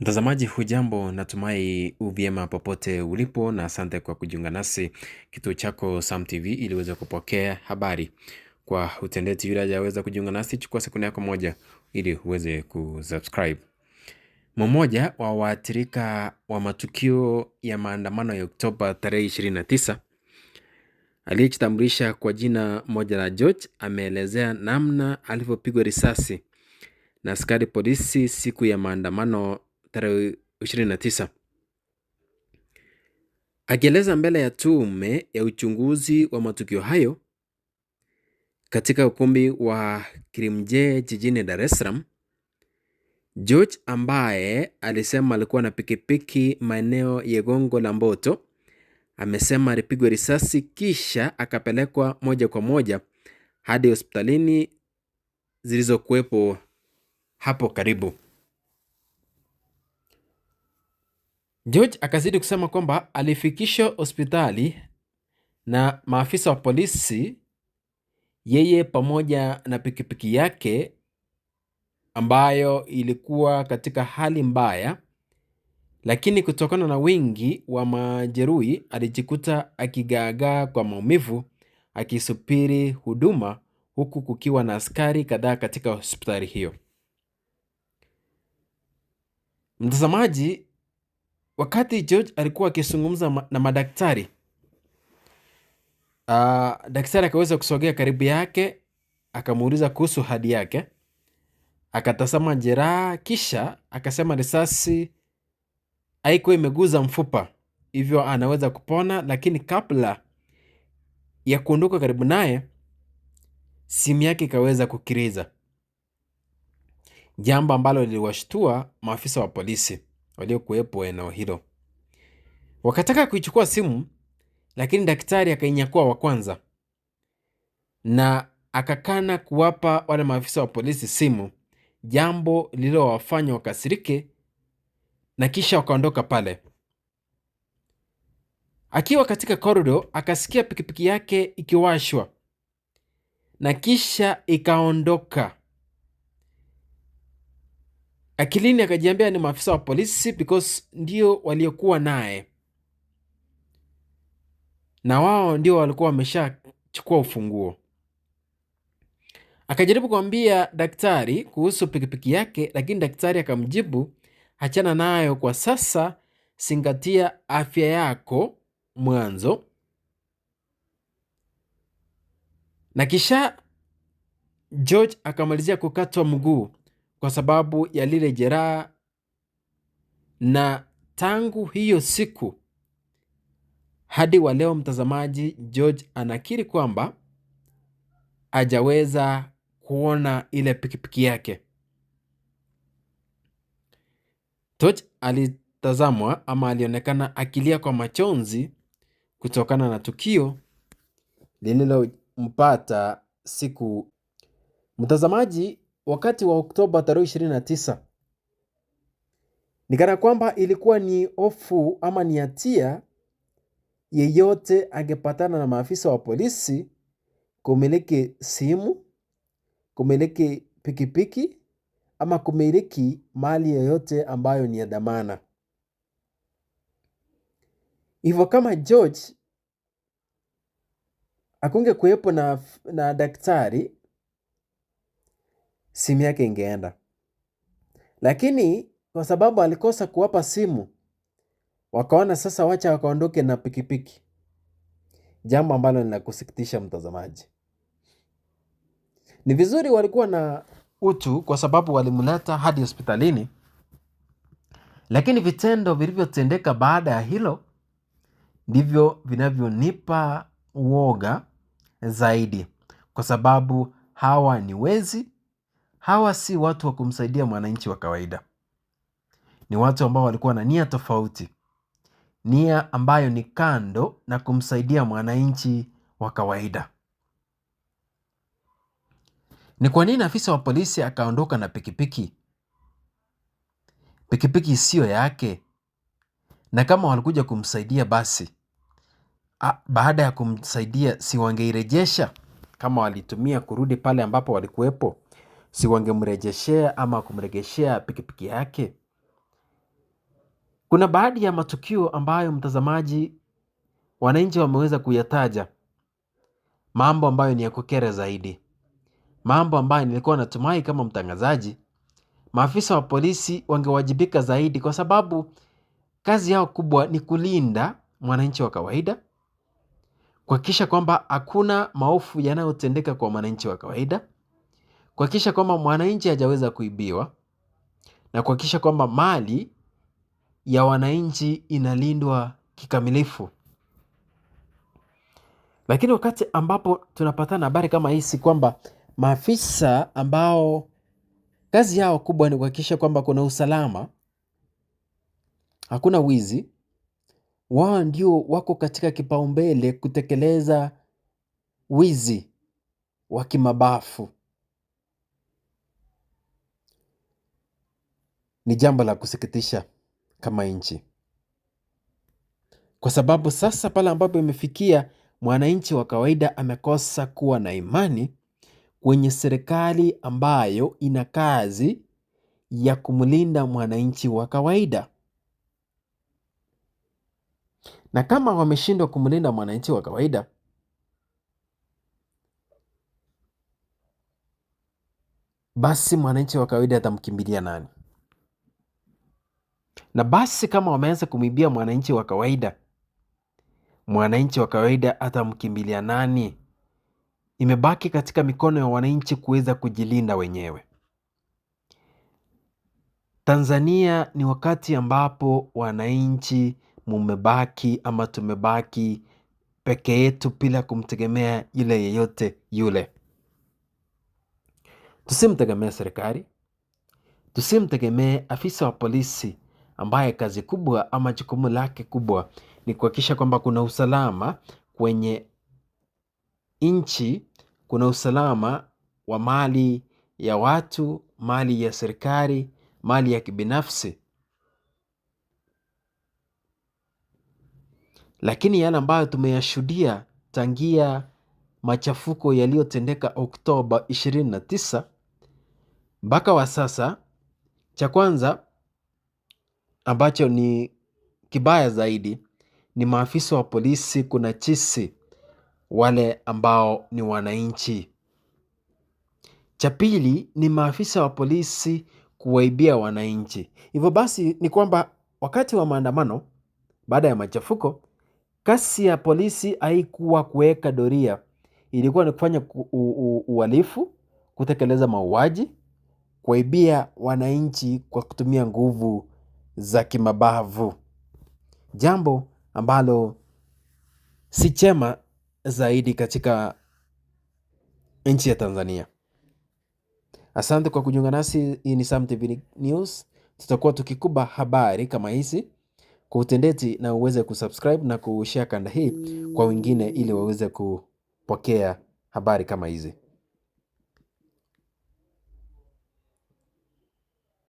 Mtazamaji hujambo, natumai uvyema popote ulipo, na asante kwa kujiunga nasi kituo chako Sam TV ili uweze kupokea habari kwa utendeti. Yule hajaweza kujiunga nasi, chukua sekunde yako moja ili uweze kusubscribe. Mmoja wa waathirika wa matukio ya maandamano ya Oktoba tarehe 29 aliyejitambulisha kwa jina moja la George ameelezea namna alivyopigwa risasi na askari polisi siku ya maandamano tarehe 29. Akieleza mbele ya tume ya uchunguzi wa matukio hayo katika ukumbi wa Kirimjee jijini Dar es Salaam, George ambaye alisema alikuwa na pikipiki maeneo ya Gongo la Mboto amesema alipigwa risasi kisha akapelekwa moja kwa moja hadi hospitalini zilizokuwepo hapo karibu. George akazidi kusema kwamba alifikishwa hospitali na maafisa wa polisi, yeye pamoja na pikipiki yake ambayo ilikuwa katika hali mbaya, lakini kutokana na wingi wa majeruhi alijikuta akigaagaa kwa maumivu akisubiri huduma, huku kukiwa na askari kadhaa katika hospitali hiyo. Mtazamaji, Wakati George alikuwa akizungumza na madaktari uh, daktari akaweza kusogea karibu yake akamuuliza kuhusu hadi yake, akatazama jeraha, kisha akasema risasi haikuwa imeguza mfupa, hivyo anaweza kupona. Lakini kabla ya kuondoka karibu naye, simu yake ikaweza kukiriza, jambo ambalo liliwashtua maafisa wa polisi waliokuwepo eneo hilo. Wakataka kuichukua simu, lakini daktari akainyakua wa kwanza na akakana kuwapa wale maafisa wa polisi simu, jambo lililowafanya wakasirike na kisha wakaondoka pale. Akiwa katika korido akasikia pikipiki yake ikiwashwa na kisha ikaondoka. Akilini akajiambia ni maafisa wa polisi because ndio waliokuwa naye na wao ndio walikuwa wameshachukua ufunguo. Akajaribu kuambia daktari kuhusu pikipiki yake, lakini daktari akamjibu, achana nayo kwa sasa, singatia afya yako mwanzo. Na kisha George akamalizia kukatwa mguu kwa sababu ya lile jeraha, na tangu hiyo siku hadi wa leo, mtazamaji, George anakiri kwamba hajaweza kuona ile pikipiki yake. Toch alitazamwa ama alionekana akilia kwa machozi kutokana na tukio lililompata siku. Mtazamaji, wakati wa Oktoba tarehe 29 ni kana kwamba ilikuwa ni hofu ama ni hatia yeyote angepatana na maafisa wa polisi kumiliki simu, kumiliki pikipiki ama kumiliki mali yoyote ambayo ni ya dhamana. Hivyo kama George akunge kuwepo na, na daktari simu yake ingeenda. Lakini kwa sababu alikosa kuwapa simu, wakaona sasa, wacha wakaondoke na pikipiki, jambo ambalo linakusikitisha mtazamaji. Ni vizuri walikuwa na utu, kwa sababu walimleta hadi hospitalini, lakini vitendo vilivyotendeka baada ya hilo ndivyo vinavyonipa uoga zaidi, kwa sababu hawa ni wezi hawa si watu wa kumsaidia mwananchi wa kawaida. Ni watu ambao walikuwa na nia tofauti, nia ambayo ni kando na kumsaidia mwananchi wa kawaida. Ni kwa nini afisa wa polisi akaondoka na pikipiki, pikipiki isiyo yake? Na kama walikuja kumsaidia basi A, baada ya kumsaidia si wangeirejesha kama walitumia kurudi pale ambapo walikuwepo? si wangemrejeshea ama kumregeshea pikipiki yake? Kuna baadhi ya matukio ambayo mtazamaji, wananchi wameweza kuyataja, mambo ambayo ni ya kukera zaidi, mambo ambayo nilikuwa natumai kama mtangazaji, maafisa wa polisi wangewajibika zaidi, kwa sababu kazi yao kubwa ni kulinda mwananchi wa kawaida, kuhakikisha kwamba hakuna maovu yanayotendeka kwa mwananchi wa kawaida kuhakikisha kwamba mwananchi hajaweza kuibiwa na kuhakikisha kwamba mali ya wananchi inalindwa kikamilifu. Lakini wakati ambapo tunapatana habari kama hizi kwamba maafisa ambao kazi yao kubwa ni kuhakikisha kwamba kuna usalama, hakuna wizi, wao ndio wako katika kipaumbele kutekeleza wizi wa kimabafu. ni jambo la kusikitisha kama nchi, kwa sababu sasa pale ambapo imefikia, mwananchi wa kawaida amekosa kuwa na imani kwenye serikali ambayo ina kazi ya kumlinda mwananchi wa kawaida. Na kama wameshindwa kumlinda mwananchi wa kawaida, basi mwananchi wa kawaida atamkimbilia nani? Na basi kama wameanza kumwibia mwananchi wa kawaida, mwananchi wa kawaida atamkimbilia nani? Imebaki katika mikono ya wananchi kuweza kujilinda wenyewe. Tanzania ni wakati ambapo wananchi mumebaki ama tumebaki peke yetu bila kumtegemea yule yeyote yule. Tusimtegemee serikali, tusimtegemee afisa wa polisi ambaye kazi kubwa ama jukumu lake kubwa ni kuhakikisha kwamba kuna usalama kwenye nchi, kuna usalama wa mali ya watu, mali ya serikali, mali ya kibinafsi. Lakini yale ambayo tumeyashuhudia tangia machafuko yaliyotendeka Oktoba 29 mpaka wa sasa, cha kwanza ambacho ni kibaya zaidi ni maafisa wa polisi kuna chisi wale ambao ni wananchi. Cha pili ni maafisa wa polisi kuwaibia wananchi. Hivyo basi ni kwamba wakati wa maandamano baada ya machafuko, kasi ya polisi haikuwa kuweka doria, ilikuwa ni kufanya uhalifu, kutekeleza mauaji, kuwaibia wananchi kwa kutumia nguvu za kimabavu, jambo ambalo si chema zaidi katika nchi ya Tanzania. Asante kwa kujiunga nasi. Hii ni Sam TV News, tutakuwa tukikuba habari kama hizi kwa utendeti, na uweze kusubscribe na kushare kanda hii kwa wengine, ili waweze kupokea habari kama hizi.